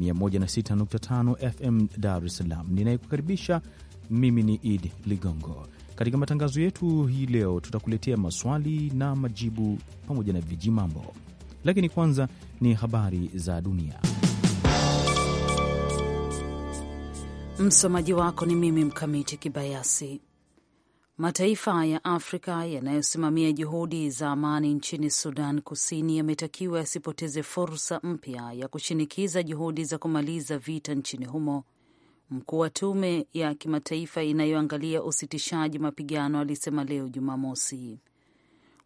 106.5 FM Dar es Salaam. Ninayekukaribisha mimi ni Idi Ligongo. Katika matangazo yetu hii leo, tutakuletea maswali na majibu pamoja na viji mambo, lakini kwanza ni habari za dunia. Msomaji wako ni mimi Mkamiti Kibayasi. Mataifa ya Afrika yanayosimamia juhudi za amani nchini Sudan Kusini yametakiwa yasipoteze fursa mpya ya kushinikiza juhudi za kumaliza vita nchini humo. Mkuu wa tume ya kimataifa inayoangalia usitishaji mapigano alisema leo Jumamosi,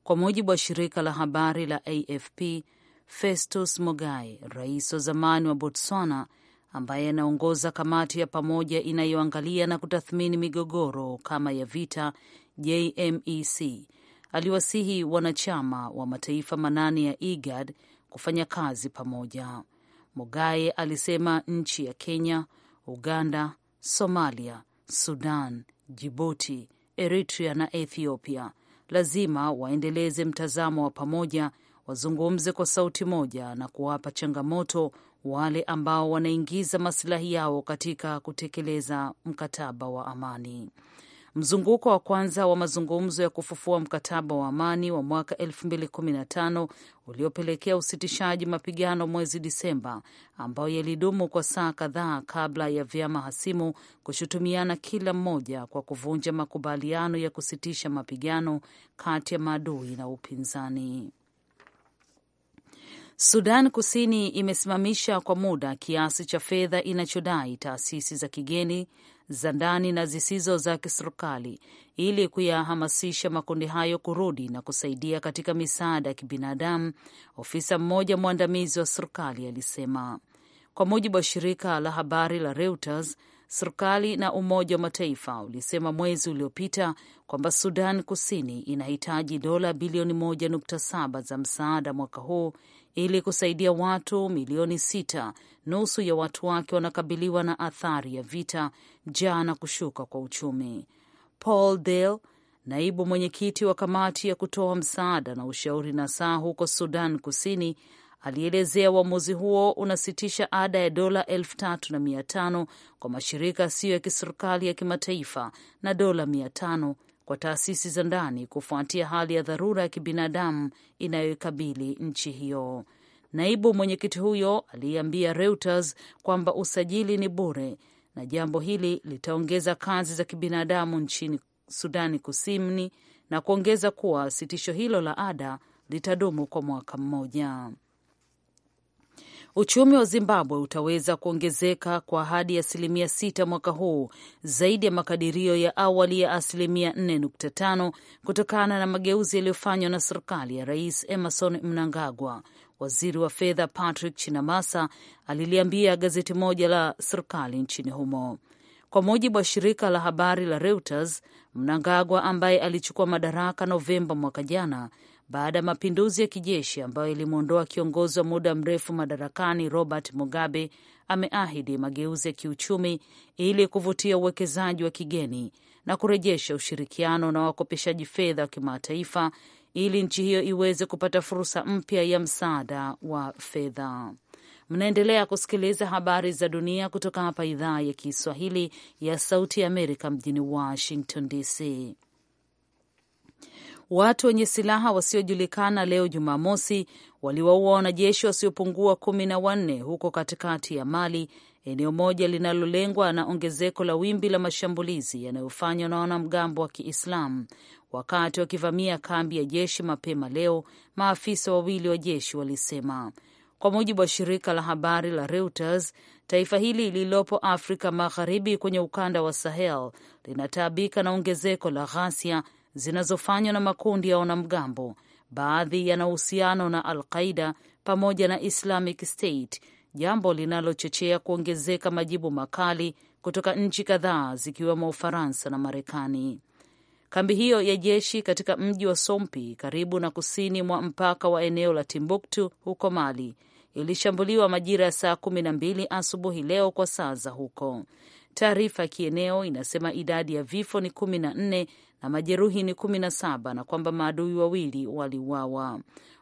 kwa mujibu wa shirika la habari la AFP. Festus Mogae, rais wa zamani wa Botswana, ambaye anaongoza kamati ya pamoja inayoangalia na kutathmini migogoro kama ya vita JMEC, aliwasihi wanachama wa mataifa manane ya IGAD kufanya kazi pamoja. Mogae alisema nchi ya Kenya, Uganda, Somalia, Sudan, jibuti Eritrea na Ethiopia lazima waendeleze mtazamo wa pamoja, wazungumze kwa sauti moja na kuwapa changamoto wale ambao wanaingiza masilahi yao katika kutekeleza mkataba wa amani. Mzunguko wa kwanza wa mazungumzo ya kufufua mkataba wa amani wa mwaka 2015 uliopelekea usitishaji mapigano mwezi Disemba, ambayo yalidumu kwa saa kadhaa kabla ya vyama hasimu kushutumiana kila mmoja kwa kuvunja makubaliano ya kusitisha mapigano kati ya maadui na upinzani. Sudan Kusini imesimamisha kwa muda kiasi cha fedha inachodai taasisi za kigeni za ndani na zisizo za kiserikali ili kuyahamasisha makundi hayo kurudi na kusaidia katika misaada ya kibinadamu, ofisa mmoja mwandamizi wa serikali alisema, kwa mujibu wa shirika la habari la Reuters. Serikali na Umoja wa Mataifa ulisema mwezi uliopita kwamba Sudan Kusini inahitaji dola bilioni 1.7 za msaada mwaka huu ili kusaidia watu milioni sita, nusu ya watu wake wanakabiliwa na athari ya vita, njaa na kushuka kwa uchumi. Paul Dale, naibu mwenyekiti wa kamati ya kutoa msaada na ushauri na saa huko Sudan Kusini, alielezea uamuzi huo unasitisha ada ya dola elfu tatu na mia tano kwa mashirika yasiyo ya kiserikali ya kimataifa na dola mia tano kwa taasisi za ndani kufuatia hali ya dharura ya kibinadamu inayoikabili nchi hiyo. Naibu mwenyekiti huyo aliyeambia Reuters kwamba usajili ni bure na jambo hili litaongeza kazi za kibinadamu nchini Sudani Kusini na kuongeza kuwa sitisho hilo la ada litadumu kwa mwaka mmoja. Uchumi wa Zimbabwe utaweza kuongezeka kwa hadi asilimia sita mwaka huu, zaidi ya makadirio ya awali ya asilimia 4.5 kutokana na mageuzi yaliyofanywa na serikali ya Rais Emerson Mnangagwa. Waziri wa fedha Patrick Chinamasa aliliambia gazeti moja la serikali nchini humo. Kwa mujibu wa shirika la habari la Reuters, Mnangagwa ambaye alichukua madaraka Novemba mwaka jana baada ya mapinduzi ya kijeshi ambayo ilimwondoa kiongozi wa muda mrefu madarakani Robert Mugabe, ameahidi mageuzi ya kiuchumi ili kuvutia uwekezaji wa kigeni na kurejesha ushirikiano na wakopeshaji fedha wa kimataifa ili nchi hiyo iweze kupata fursa mpya ya msaada wa fedha. Mnaendelea kusikiliza habari za dunia kutoka hapa idhaa ya Kiswahili ya Sauti ya Amerika mjini Washington DC watu wenye silaha wasiojulikana leo Jumamosi waliwaua wanajeshi wasiopungua kumi na wanne huko katikati ya Mali, eneo moja linalolengwa na ongezeko la wimbi la mashambulizi yanayofanywa na wanamgambo wa Kiislamu wakati wakivamia kambi ya jeshi mapema leo, maafisa wawili wa jeshi walisema, kwa mujibu wa shirika la habari la Reuters. Taifa hili lililopo Afrika Magharibi kwenye ukanda wa Sahel linataabika na ongezeko la ghasia zinazofanywa na makundi ya wanamgambo, baadhi yana uhusiano na Al Qaida pamoja na Islamic State, jambo linalochochea kuongezeka majibu makali kutoka nchi kadhaa zikiwemo Ufaransa na Marekani. Kambi hiyo ya jeshi katika mji wa Sompi karibu na kusini mwa mpaka wa eneo la Timbuktu huko Mali ilishambuliwa majira ya saa kumi na mbili asubuhi leo kwa saa za huko. Taarifa ya kieneo inasema idadi ya vifo ni kumi na nne na majeruhi ni kumi na saba na kwamba maadui wawili waliuawa.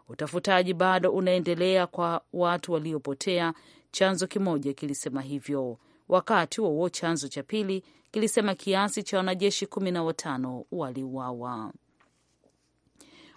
Utafutaji bado unaendelea kwa watu waliopotea, chanzo kimoja kilisema hivyo, wakati wauo chanzo cha pili kilisema kiasi cha wanajeshi kumi na watano waliuawa.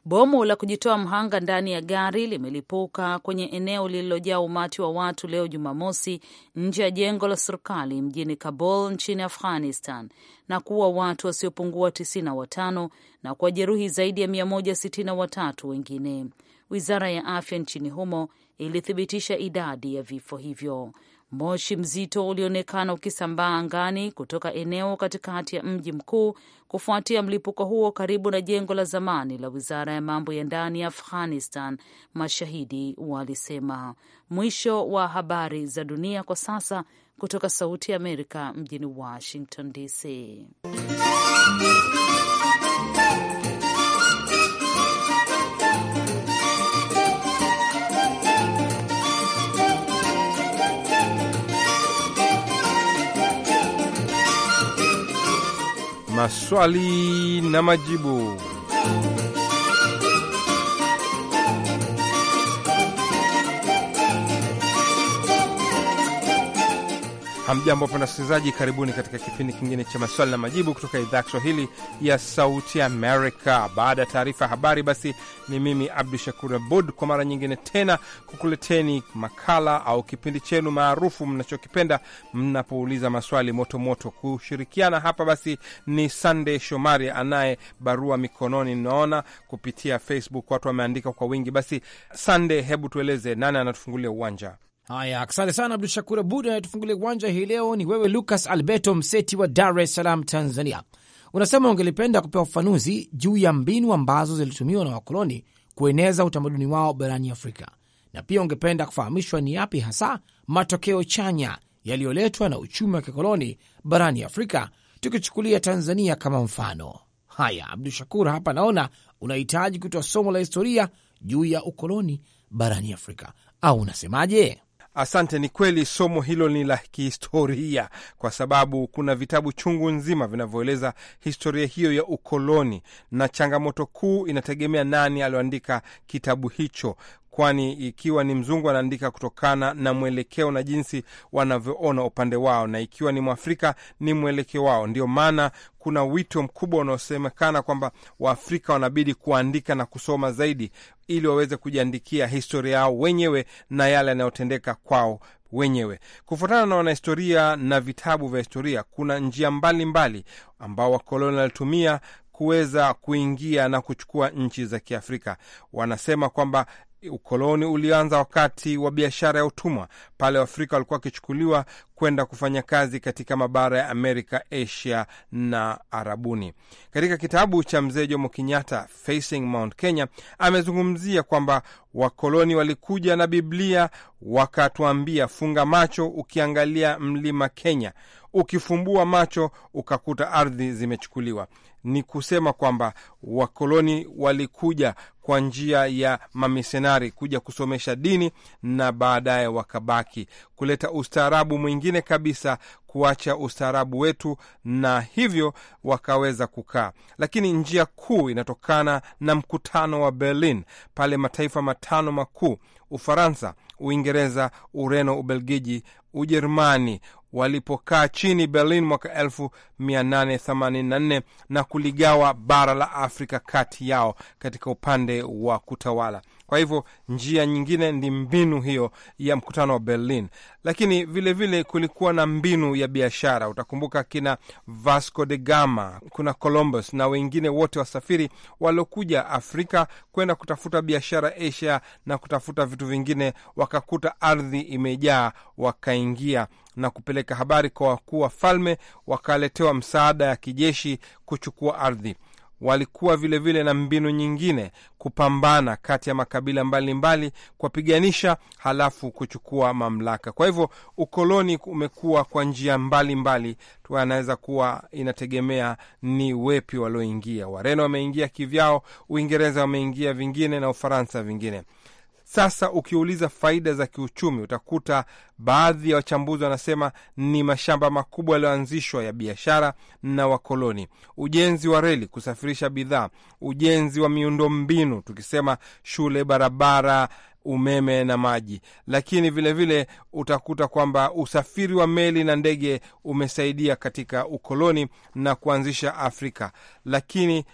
Bomu la kujitoa mhanga ndani ya gari limelipuka kwenye eneo lililojaa umati wa watu leo Jumamosi, nje ya jengo la serikali mjini Kabul nchini Afghanistan na kuua watu wasiopungua 95 na watano na kuwajeruhi zaidi ya 163 wengine. Wizara ya afya nchini humo ilithibitisha idadi ya vifo hivyo. Moshi mzito ulionekana ukisambaa angani kutoka eneo katikati ya mji mkuu kufuatia mlipuko huo karibu na jengo la zamani la wizara ya mambo ya ndani ya Afghanistan, mashahidi walisema. Mwisho wa habari za dunia kwa sasa kutoka Sauti ya Amerika mjini Washington DC. maswali na majibu. Hamjambo wapenda wasikilizaji, karibuni katika kipindi kingine cha maswali na majibu kutoka idhaa ya Kiswahili ya Sauti Amerika. Baada ya taarifa ya habari, basi ni mimi Abdu Shakur Abud kwa mara nyingine tena kukuleteni makala au kipindi chenu maarufu mnachokipenda mnapouliza maswali motomoto moto. Kushirikiana hapa basi ni Sandey Shomari anaye barua mikononi, naona kupitia Facebook watu wameandika kwa wingi. Basi Sandey, hebu tueleze nani anatufungulia uwanja? Haya, asante sana Abdu Shakur Abud. Anayetufungulia uwanja hii leo ni wewe Lucas Alberto Mseti wa Dar es Salaam, Tanzania. Unasema ungelipenda kupewa ufafanuzi juu ya mbinu ambazo zilitumiwa na wakoloni kueneza utamaduni wao barani Afrika, na pia ungependa kufahamishwa ni yapi hasa matokeo chanya yaliyoletwa na uchumi wa kikoloni barani Afrika, tukichukulia Tanzania kama mfano. Haya, Abdu Shakur, hapa naona unahitaji kutoa somo la historia juu ya ukoloni barani Afrika, au unasemaje? Asante. Ni kweli somo hilo ni la kihistoria, kwa sababu kuna vitabu chungu nzima vinavyoeleza historia hiyo ya ukoloni, na changamoto kuu inategemea nani alioandika kitabu hicho, kwani ikiwa ni mzungu anaandika kutokana na mwelekeo na jinsi wanavyoona upande wao, na ikiwa ni mwafrika ni mwelekeo wao. Ndio maana kuna wito mkubwa unaosemekana kwamba Waafrika wanabidi kuandika na kusoma zaidi, ili waweze kujiandikia historia yao wenyewe na yale yanayotendeka kwao wenyewe. Kufuatana na wanahistoria na vitabu vya historia, kuna njia mbalimbali ambao wakoloni walitumia kuweza kuingia na kuchukua nchi za Kiafrika. Wanasema kwamba Ukoloni ulianza wakati wa biashara ya utumwa, pale Waafrika walikuwa wakichukuliwa kwenda kufanya kazi katika mabara ya Amerika, Asia na Arabuni. Katika kitabu cha mzee Jomo Kenyatta, Facing Mount Kenya, amezungumzia kwamba wakoloni walikuja na Biblia wakatuambia, funga macho ukiangalia mlima Kenya, ukifumbua macho ukakuta ardhi zimechukuliwa. Ni kusema kwamba wakoloni walikuja kwa njia ya mamisionari kuja kusomesha dini na baadaye wakabaki kuleta ustaarabu mwingine kabisa, kuacha ustaarabu wetu, na hivyo wakaweza kukaa. Lakini njia kuu inatokana na mkutano wa Berlin, pale mataifa matano makuu Ufaransa, Uingereza, Ureno, Ubelgiji, Ujerumani walipokaa chini Berlin mwaka 1884 na kuligawa bara la Afrika kati yao katika upande wa kutawala. Kwa hivyo njia nyingine ni mbinu hiyo ya mkutano wa Berlin, lakini vilevile vile kulikuwa na mbinu ya biashara. Utakumbuka kina Vasco de Gama, kuna Columbus na wengine wote wasafiri waliokuja Afrika kwenda kutafuta biashara Asia na kutafuta vitu vingine, wakakuta ardhi imejaa, wakaingia na kupeleka habari kwa wakuu wa falme, wakaletewa msaada ya kijeshi kuchukua ardhi walikuwa vilevile vile na mbinu nyingine kupambana kati ya makabila mbalimbali kuwapiganisha, halafu kuchukua mamlaka. Kwa hivyo ukoloni umekuwa kwa njia mbalimbali, anaweza kuwa inategemea ni wepi walioingia. Wareno wameingia kivyao, Uingereza wameingia vingine, na Ufaransa vingine. Sasa ukiuliza faida za kiuchumi, utakuta baadhi ya wachambuzi wanasema ni mashamba makubwa yaliyoanzishwa ya biashara na wakoloni, ujenzi wa reli kusafirisha bidhaa, ujenzi wa miundombinu, tukisema shule, barabara umeme na maji, lakini vilevile vile utakuta kwamba usafiri wa meli na ndege umesaidia katika ukoloni na kuanzisha Afrika. Lakini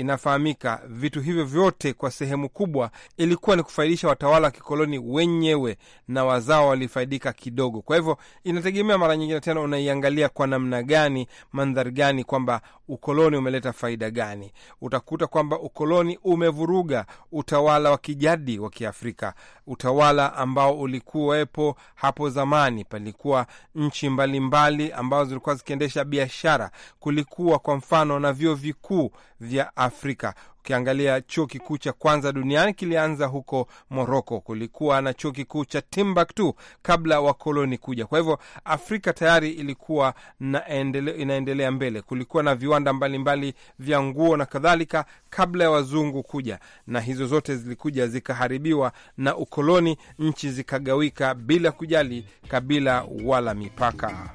Inafahamika vitu hivyo vyote kwa sehemu kubwa ilikuwa ni kufaidisha watawala wa kikoloni wenyewe, na wazao walifaidika kidogo. Kwa hivyo inategemea, mara nyingine tena unaiangalia kwa namna gani, mandhari gani, kwamba ukoloni umeleta faida gani. Utakuta kwamba ukoloni umevuruga utawala wa kijadi wa Kiafrika, utawala ambao ulikuwepo hapo zamani. Palikuwa nchi mbalimbali ambazo zilikuwa zikiendesha biashara, kulikuwa kwa mfano na vyo vikuu vya Afrika. Ukiangalia chuo kikuu cha kwanza duniani kilianza huko Moroko, kulikuwa na chuo kikuu cha Timbuktu kabla wakoloni kuja. Kwa hivyo Afrika tayari ilikuwa naendele, inaendelea mbele. Kulikuwa na viwanda mbalimbali vya nguo na kadhalika kabla ya wazungu kuja, na hizo zote zilikuja zikaharibiwa na ukoloni, nchi zikagawika bila kujali kabila wala mipaka.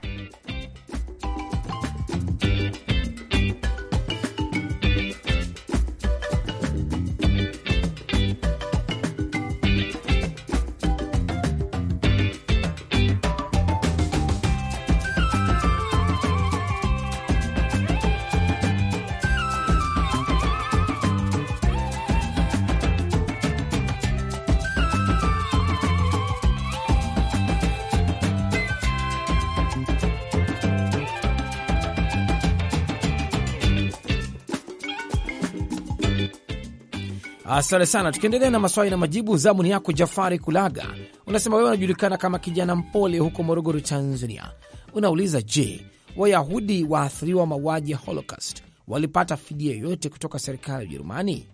Asante sana. Tukiendelea na maswali na majibu, zamu ni yako Jafari Kulaga. Unasema wewe unajulikana kama kijana mpole huko Morogoro, Tanzania. Unauliza, je, Wayahudi waathiriwa mauaji ya Holocaust walipata fidia yoyote kutoka serikali ya Ujerumani?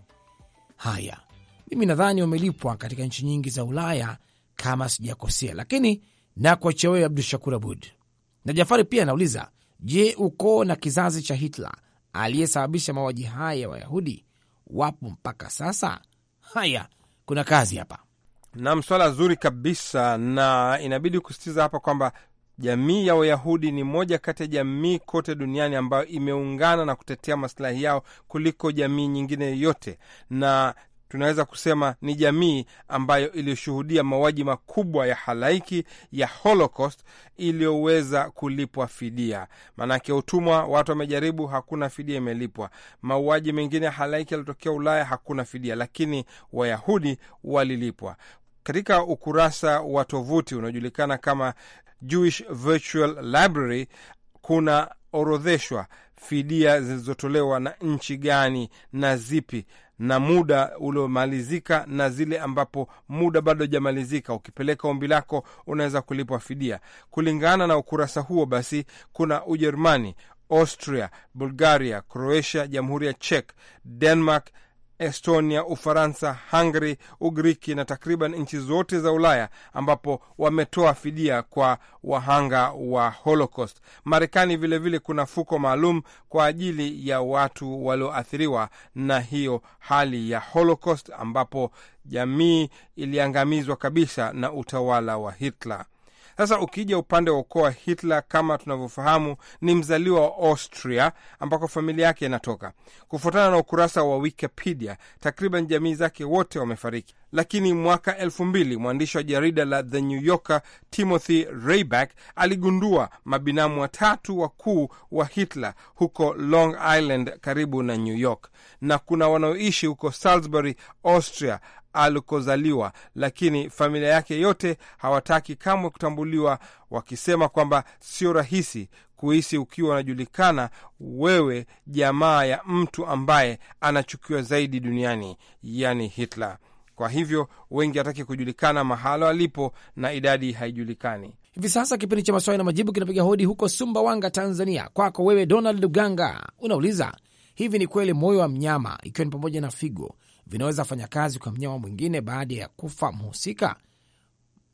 Haya, mimi nadhani wamelipwa katika nchi nyingi za Ulaya kama sijakosea, lakini nakuachia wewe Abdu Shakur Abud. Na Jafari pia anauliza, je, ukoo na kizazi cha Hitler aliyesababisha mauaji haya ya Wayahudi wapo mpaka sasa. Haya, kuna kazi hapa. Naam, swala zuri kabisa, na inabidi kusisitiza hapa kwamba jamii ya Wayahudi ni moja kati ya jamii kote duniani ambayo imeungana na kutetea masilahi yao kuliko jamii nyingine yoyote, na tunaweza kusema ni jamii ambayo iliyoshuhudia mauaji makubwa ya halaiki ya Holocaust iliyoweza kulipwa fidia. Maanake utumwa, watu wamejaribu, hakuna fidia imelipwa. Mauaji mengine ya halaiki yalitokea Ulaya, hakuna fidia, lakini Wayahudi walilipwa. Katika ukurasa wa tovuti unaojulikana kama Jewish Virtual Library kuna orodheshwa fidia zilizotolewa na nchi gani na zipi na muda uliomalizika na zile ambapo muda bado hajamalizika. Ukipeleka ombi lako unaweza kulipwa fidia kulingana na ukurasa huo. Basi kuna Ujerumani, Austria, Bulgaria, Croatia, Jamhuri ya Czech, Denmark, Estonia, Ufaransa, Hungary, Ugiriki na takriban nchi zote za Ulaya ambapo wametoa fidia kwa wahanga wa Holocaust. Marekani vilevile kuna fuko maalum kwa ajili ya watu walioathiriwa na hiyo hali ya Holocaust ambapo jamii iliangamizwa kabisa na utawala wa Hitler. Sasa ukija upande wa ukoo wa Hitler, kama tunavyofahamu, ni mzaliwa wa Austria ambako familia yake inatoka. Kufuatana na ukurasa wa Wikipedia, takriban jamii zake wote wamefariki, lakini mwaka elfu mbili mwandishi wa jarida la The New Yorker Timothy Rayback aligundua mabinamu watatu wakuu wa Hitler huko Long Island karibu na New York, na kuna wanaoishi huko Salisbury, Austria, alikozaliwa, lakini familia yake yote hawataki kamwe kutambuliwa, wakisema kwamba sio rahisi kuhisi ukiwa unajulikana wewe jamaa ya mtu ambaye anachukiwa zaidi duniani, yani Hitler. Kwa hivyo wengi hataki kujulikana mahalo alipo na idadi haijulikani hivi sasa. Kipindi cha maswali na majibu kinapiga hodi huko Sumbawanga, Tanzania. Kwako wewe Donald Luganga, unauliza hivi: ni kweli moyo wa mnyama, ikiwa ni pamoja na figo, vinaweza fanya kazi kwa mnyama mwingine baada ya kufa mhusika?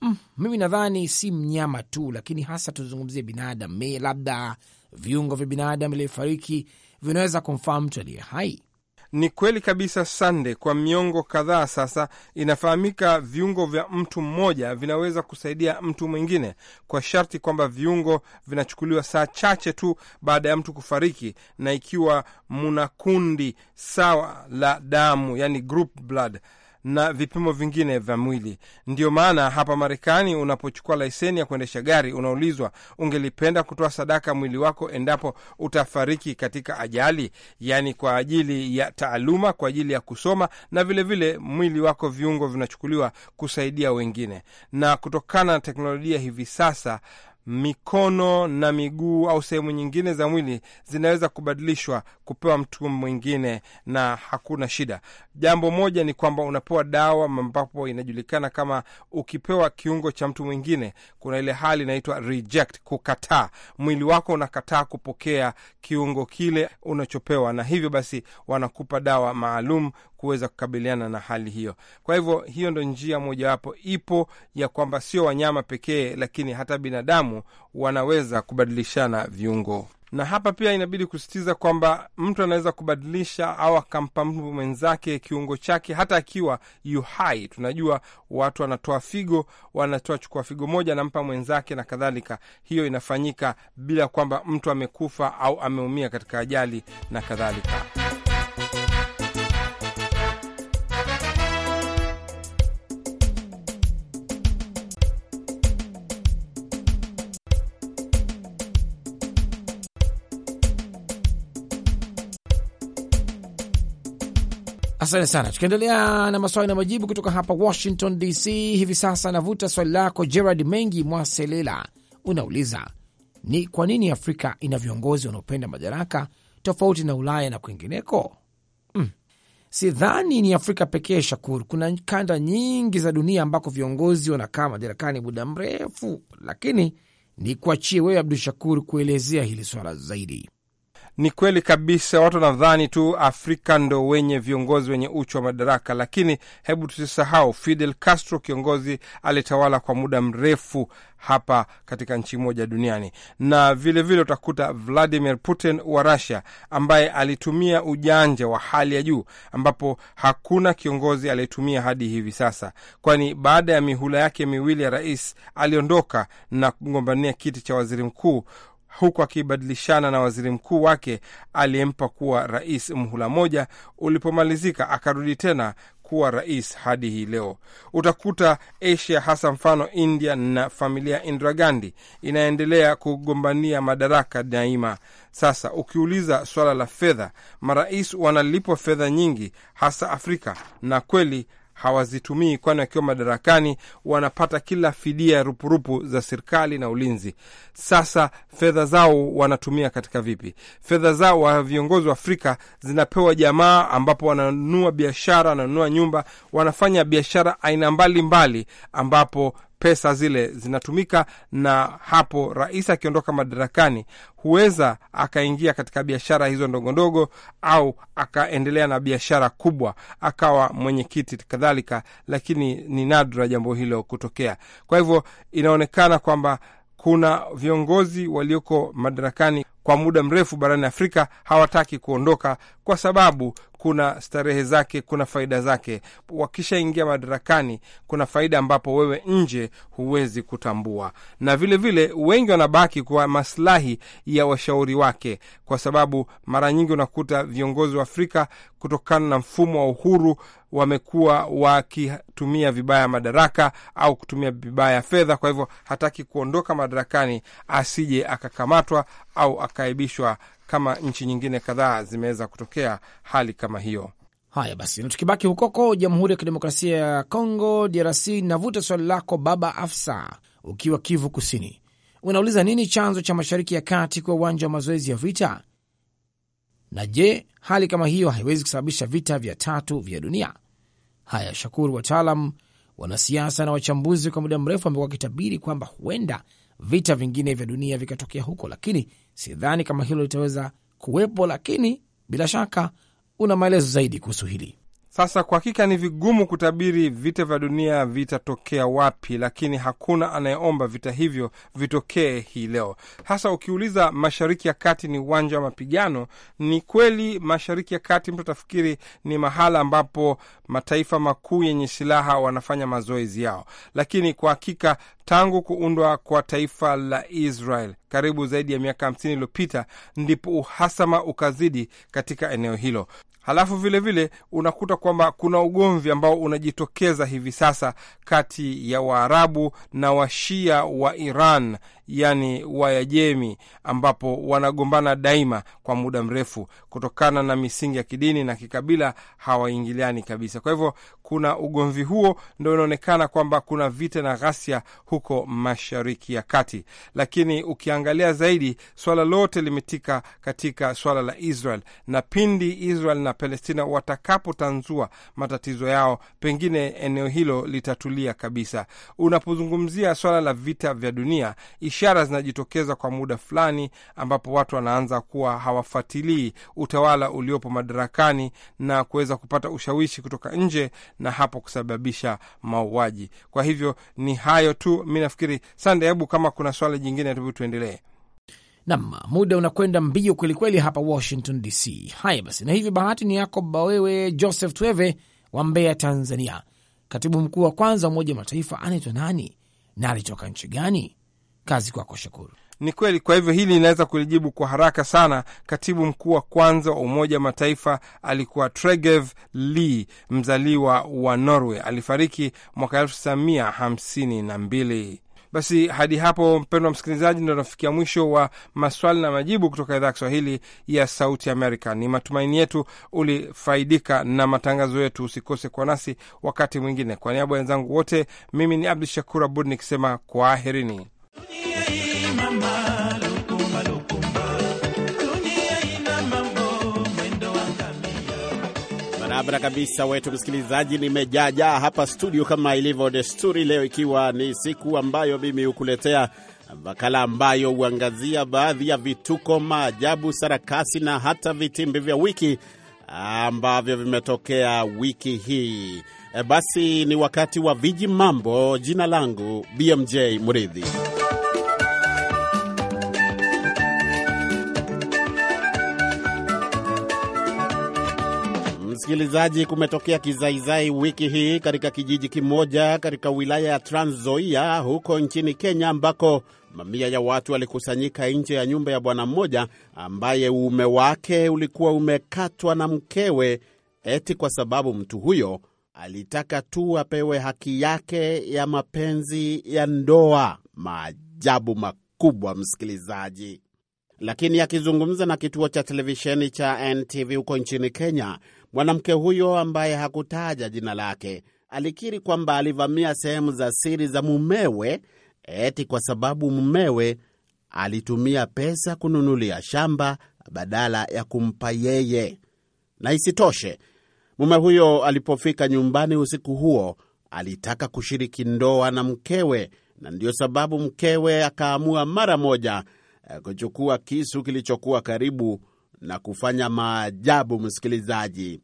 Mm, mimi nadhani si mnyama tu, lakini hasa tuzungumzie binadamu. Mee labda viungo vya binadamu iliyofariki vinaweza kumfaa mtu aliye hai. Ni kweli kabisa, Sande. Kwa miongo kadhaa sasa, inafahamika viungo vya mtu mmoja vinaweza kusaidia mtu mwingine, kwa sharti kwamba viungo vinachukuliwa saa chache tu baada ya mtu kufariki, na ikiwa muna kundi sawa la damu, yani group blood na vipimo vingine vya mwili. Ndiyo maana hapa Marekani unapochukua leseni ya kuendesha gari unaulizwa, ungelipenda kutoa sadaka mwili wako endapo utafariki katika ajali, yaani kwa ajili ya taaluma, kwa ajili ya kusoma, na vilevile vile mwili wako, viungo vinachukuliwa kusaidia wengine. Na kutokana na teknolojia hivi sasa mikono na miguu au sehemu nyingine za mwili zinaweza kubadilishwa kupewa mtu mwingine na hakuna shida. Jambo moja ni kwamba unapewa dawa ambapo inajulikana kama, ukipewa kiungo cha mtu mwingine, kuna ile hali inaitwa reject, kukataa. Mwili wako unakataa kupokea kiungo kile unachopewa, na hivyo basi wanakupa dawa maalum kuweza kukabiliana na hali hiyo. Kwa hivyo hiyo ndo njia mojawapo ipo ya kwamba sio wanyama pekee, lakini hata binadamu wanaweza kubadilishana viungo na hapa pia inabidi kusisitiza kwamba mtu anaweza kubadilisha au akampa mtu mwenzake kiungo chake hata akiwa yu hai. Tunajua watu wanatoa figo, wanatoa chukua figo moja, anampa mwenzake na kadhalika. Hiyo inafanyika bila kwamba mtu amekufa au ameumia katika ajali na kadhalika. Asante sana. Tukiendelea na maswali na majibu kutoka hapa Washington DC hivi sasa, anavuta swali lako Gerard Mengi Mwaselela, unauliza ni kwa nini Afrika ina viongozi wanaopenda madaraka tofauti na Ulaya na kwingineko? Mm, sidhani ni Afrika pekee Shakur. Kuna kanda nyingi za dunia ambako viongozi wanakaa madarakani muda mrefu, lakini ni kuachie wewe Abdu Shakur kuelezea hili swala zaidi. Ni kweli kabisa, watu wanadhani tu Afrika ndo wenye viongozi wenye uchu wa madaraka, lakini hebu tusisahau Fidel Castro, kiongozi alitawala kwa muda mrefu hapa katika nchi moja duniani, na vilevile vile utakuta Vladimir Putin wa Russia ambaye alitumia ujanja wa hali ya juu, ambapo hakuna kiongozi aliyetumia hadi hivi sasa, kwani baada ya mihula yake miwili ya rais aliondoka na kugombania kiti cha waziri mkuu huku akibadilishana na waziri mkuu wake aliyempa kuwa rais mhula moja. Ulipomalizika akarudi tena kuwa rais hadi hii leo. Utakuta Asia, hasa mfano India na familia Indira Gandhi inaendelea kugombania madaraka daima. Sasa ukiuliza swala la fedha, marais wanalipwa fedha nyingi, hasa Afrika, na kweli hawazitumii, kwani wakiwa madarakani wanapata kila fidia ya rupurupu za serikali na ulinzi. Sasa fedha zao wanatumia katika vipi? Fedha zao wa viongozi wa Afrika zinapewa jamaa, ambapo wananunua biashara, wananunua nyumba, wanafanya biashara aina mbalimbali, ambapo pesa zile zinatumika, na hapo rais akiondoka madarakani huweza akaingia katika biashara hizo ndogondogo, au akaendelea na biashara kubwa, akawa mwenyekiti kadhalika, lakini ni nadra jambo hilo kutokea. Kwa hivyo inaonekana kwamba kuna viongozi walioko madarakani kwa muda mrefu barani Afrika hawataki kuondoka kwa sababu kuna starehe zake, kuna faida zake. Wakishaingia madarakani, kuna faida ambapo wewe nje huwezi kutambua, na vilevile vile, wengi wanabaki kwa maslahi ya washauri wake, kwa sababu mara nyingi unakuta viongozi wa Afrika kutokana na mfumo wa uhuru wamekuwa wakitumia vibaya madaraka au kutumia vibaya fedha. Kwa hivyo hataki kuondoka madarakani asije akakamatwa au akaibishwa kama nchi nyingine kadhaa zimeweza kutokea hali kama hiyo. Haya basi, na tukibaki hukoko Jamhuri ya Kidemokrasia ya Kongo, DRC, navuta swali lako Baba Afsa ukiwa Kivu Kusini, unauliza nini chanzo cha Mashariki ya Kati kwa uwanja wa mazoezi ya vita, na je, hali kama hiyo haiwezi kusababisha vita vya tatu vya dunia? Haya, shukuru. Wataalam, wanasiasa na wachambuzi kwa muda mrefu wamekuwa wakitabiri kwamba huenda vita vingine vya dunia vikatokea huko, lakini Sidhani kama hilo litaweza kuwepo, lakini bila shaka una maelezo zaidi kuhusu hili. Sasa kwa hakika ni vigumu kutabiri vita vya dunia vitatokea wapi, lakini hakuna anayeomba vita hivyo vitokee hii leo. Sasa ukiuliza mashariki ya kati ni uwanja wa mapigano, ni kweli. Mashariki ya kati mtu atafikiri ni mahala ambapo mataifa makuu yenye silaha wanafanya mazoezi yao, lakini kwa hakika tangu kuundwa kwa taifa la Israel karibu zaidi ya miaka hamsini iliyopita ndipo uhasama ukazidi katika eneo hilo. Halafu vile vile, unakuta kwamba kuna ugomvi ambao unajitokeza hivi sasa kati ya Waarabu na Washia wa Iran yani Wayajemi, ambapo wanagombana daima kwa muda mrefu kutokana na misingi ya kidini na kikabila, hawaingiliani kabisa. Kwa hivyo kuna ugomvi huo, ndo inaonekana kwamba kuna vita na ghasia huko Mashariki ya Kati. Lakini ukiangalia zaidi, swala lote limetika katika swala la Israel, na pindi Israel na Palestina watakapotanzua matatizo yao, pengine eneo hilo litatulia kabisa. Unapozungumzia swala la vita vya dunia ishara zinajitokeza kwa muda fulani, ambapo watu wanaanza kuwa hawafuatilii utawala uliopo madarakani na kuweza kupata ushawishi kutoka nje, na hapo kusababisha mauaji. Kwa hivyo ni hayo tu, mi nafikiri. Sande, hebu kama kuna swala jingine tu tuendelee. Nam, muda unakwenda mbio kwelikweli hapa Washington DC. Haya basi, na hivyo bahati ni yako bawewe Joseph Tweve wa Mbeya, Tanzania. Katibu mkuu wa kwanza wa Umoja wa Mataifa anaitwa nani na alitoka nchi gani? Kazi kwako Shukuru. Ni kweli. Kwa hivyo hili linaweza kulijibu kwa haraka sana. Katibu mkuu wa kwanza wa Umoja wa Mataifa alikuwa Tregev Lee, mzaliwa wa Norway. Alifariki mwaka mbili. Basi hadi hapo, mpendwa msikilizaji, ndo tunafikia mwisho wa maswali na majibu kutoka idhaa ya Kiswahili ya Sauti Amerika. Ni matumaini yetu ulifaidika na matangazo yetu. Usikose kwa nasi wakati mwingine. Kwa niaba ya wenzangu wote, mimi ni Abdu Shakur Abud nikisema kwaherini. Barabara kabisa wetu msikilizaji, nimejaajaa hapa studio kama ilivyo desturi, leo ikiwa ni siku ambayo mimi hukuletea makala ambayo huangazia baadhi ya vituko, maajabu, sarakasi na hata vitimbi vya wiki ambavyo vimetokea wiki hii. E, basi ni wakati wa viji mambo. Jina langu BMJ Muridhi. msikilizaji, kumetokea kizaizai wiki hii katika kijiji kimoja katika wilaya ya Trans Nzoia huko nchini Kenya, ambako mamia ya watu walikusanyika nje ya nyumba ya bwana mmoja ambaye uume wake ulikuwa umekatwa na mkewe, eti kwa sababu mtu huyo alitaka tu apewe haki yake ya mapenzi ya ndoa. Maajabu makubwa, msikilizaji. Lakini akizungumza na kituo cha televisheni cha NTV huko nchini Kenya, Mwanamke huyo ambaye hakutaja jina lake alikiri kwamba alivamia sehemu za siri za mumewe eti kwa sababu mumewe alitumia pesa kununulia shamba badala ya kumpa yeye. Na isitoshe, mume huyo alipofika nyumbani usiku huo alitaka kushiriki ndoa na mkewe, na ndiyo sababu mkewe akaamua mara moja eh, kuchukua kisu kilichokuwa karibu na kufanya maajabu. Msikilizaji,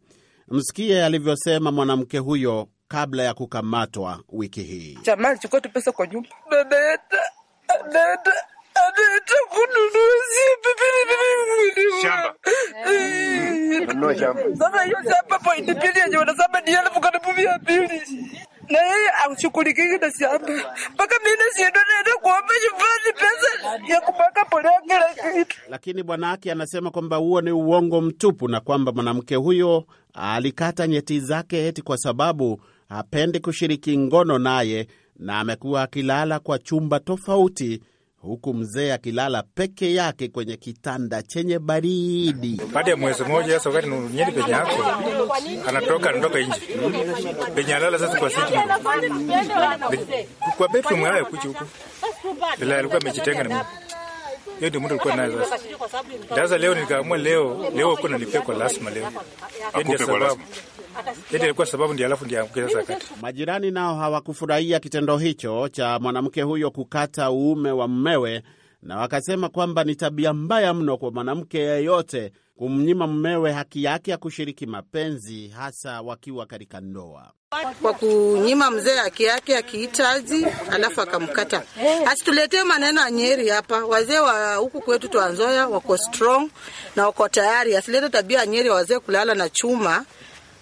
msikie alivyosema mwanamke huyo kabla ya kukamatwa wiki hii. Jamani, chukua tu pesa kwa nyumba, anaenda anaenda anaenda shamba sasa hiyo shamba pointi pili yenye wanasema ni elfu karibu mia mbili na yeye ashughulikie na shamba mpaka naenda kuomba nyumbani pesa ya polea kila kitu. Lakini bwanake anasema kwamba huo ni uongo mtupu na kwamba mwanamke huyo alikata nyeti zake eti kwa sababu hapendi kushiriki ngono naye na amekuwa akilala kwa chumba tofauti huku mzee akilala peke yake kwenye kitanda chenye baridi. Baada ya mwezi mmoja sasa, wakati nyeni penye yako anatoka anatoka nje penye alala sasa, kwa siti kwa betu mwaya kuchi huko, ila alikuwa amejitenga na mimi hiyo ndio mtu alikuwa naye sasa. Sasa leo nikaamua leo leo huko nalipia kwa lazima leo. Ndio sababu. Ndio ilikuwa sababu ndio alafu ndio sasa kati. Majirani nao hawakufurahia kitendo hicho cha mwanamke huyo kukata uume wa mmewe na wakasema kwamba ni tabia mbaya mno kwa mwanamke yeyote kumnyima mmewe haki yake ya kushiriki mapenzi, hasa wakiwa katika ndoa kwa kunyima mzee haki yake akihitaji, alafu akamkata. Asituletee maneno ya Nyeri hapa. Wazee wa huku kwetu Twanzoya wako strong na wako tayari. Asilete tabia ya Nyeri, wazee kulala na chuma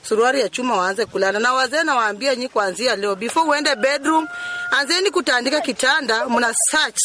suruari ya chuma waanze kulala na wazee. Nawaambia nyi, kuanzia leo, before uende bedroom, anzeni kutandika kitanda, mna search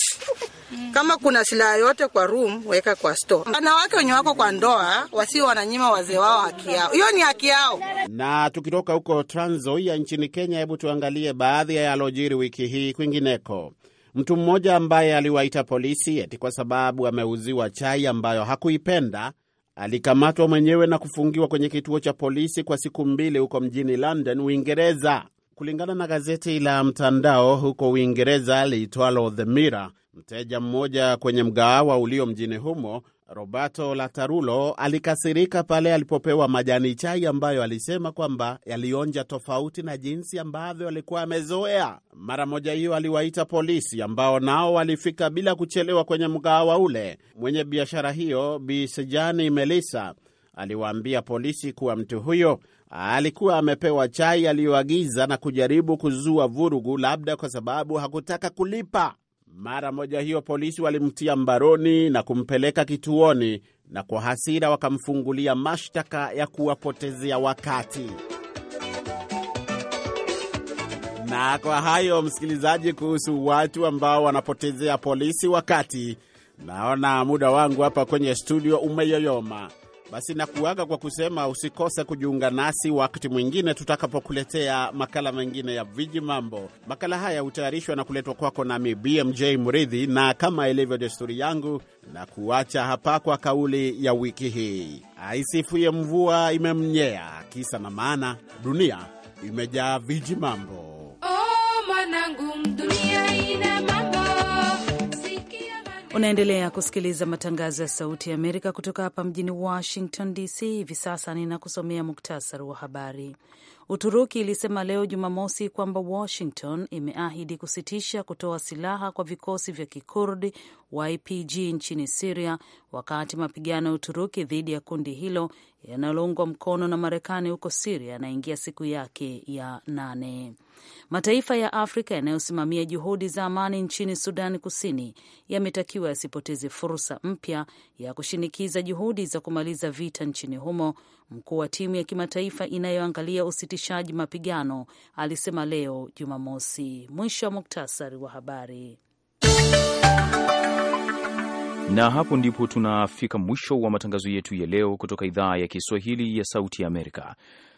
Mm. Kama kuna silaha yote kwa room, weka kwa store. Wanawake wenye wako kwa ndoa wasio wananyima wazee wao haki yao, hiyo ni haki yao. Na tukitoka huko Trans Nzoia nchini Kenya, hebu tuangalie baadhi ya yalojiri wiki hii kwingineko. Mtu mmoja ambaye aliwaita polisi eti kwa sababu ameuziwa chai ambayo hakuipenda alikamatwa mwenyewe na kufungiwa kwenye kituo cha polisi kwa siku mbili huko mjini London, Uingereza. Kulingana na gazeti la mtandao huko Uingereza liitwalo The Mirror, Mteja mmoja kwenye mgahawa ulio mjini humo, Roberto Latarulo, alikasirika pale alipopewa majani chai ambayo alisema kwamba yalionja tofauti na jinsi ambavyo alikuwa amezoea. Mara moja hiyo aliwaita polisi ambao nao walifika bila kuchelewa kwenye mgahawa ule. Mwenye biashara hiyo bisejani Melissa aliwaambia polisi kuwa mtu huyo alikuwa amepewa chai aliyoagiza na kujaribu kuzua vurugu, labda kwa sababu hakutaka kulipa. Mara moja hiyo polisi walimtia mbaroni na kumpeleka kituoni, na kwa hasira wakamfungulia mashtaka ya kuwapotezea wakati. Na kwa hayo, msikilizaji, kuhusu watu ambao wanapotezea polisi wakati, naona muda wangu hapa kwenye studio umeyoyoma. Basi nakuaga kwa kusema usikose kujiunga nasi wakati mwingine tutakapokuletea makala mengine ya viji mambo. Makala haya hutayarishwa na kuletwa kwako nami BMJ Mridhi, na kama ilivyo desturi yangu, na kuacha hapa kwa kauli ya wiki hii, aisifuye mvua imemnyea. Kisa na maana, dunia imejaa viji mambo. Oh, mwanangu dunia Unaendelea kusikiliza matangazo ya Sauti ya Amerika kutoka hapa mjini Washington DC. Hivi sasa ninakusomea muktasari wa habari. Uturuki ilisema leo Jumamosi kwamba Washington imeahidi kusitisha kutoa silaha kwa vikosi vya kikurdi YPG nchini Siria, wakati mapigano ya Uturuki dhidi ya kundi hilo yanaloungwa mkono na Marekani huko Siria yanaingia siku yake ya nane. Mataifa ya Afrika yanayosimamia juhudi za amani nchini Sudan Kusini yametakiwa yasipoteze fursa mpya ya kushinikiza juhudi za kumaliza vita nchini humo, mkuu wa timu ya kimataifa inayoangalia usitishaji mapigano alisema leo Jumamosi. Mwisho wa muktasari wa habari. Na hapo ndipo tunafika mwisho wa matangazo yetu ya leo kutoka idhaa ya Kiswahili ya Sauti ya Amerika.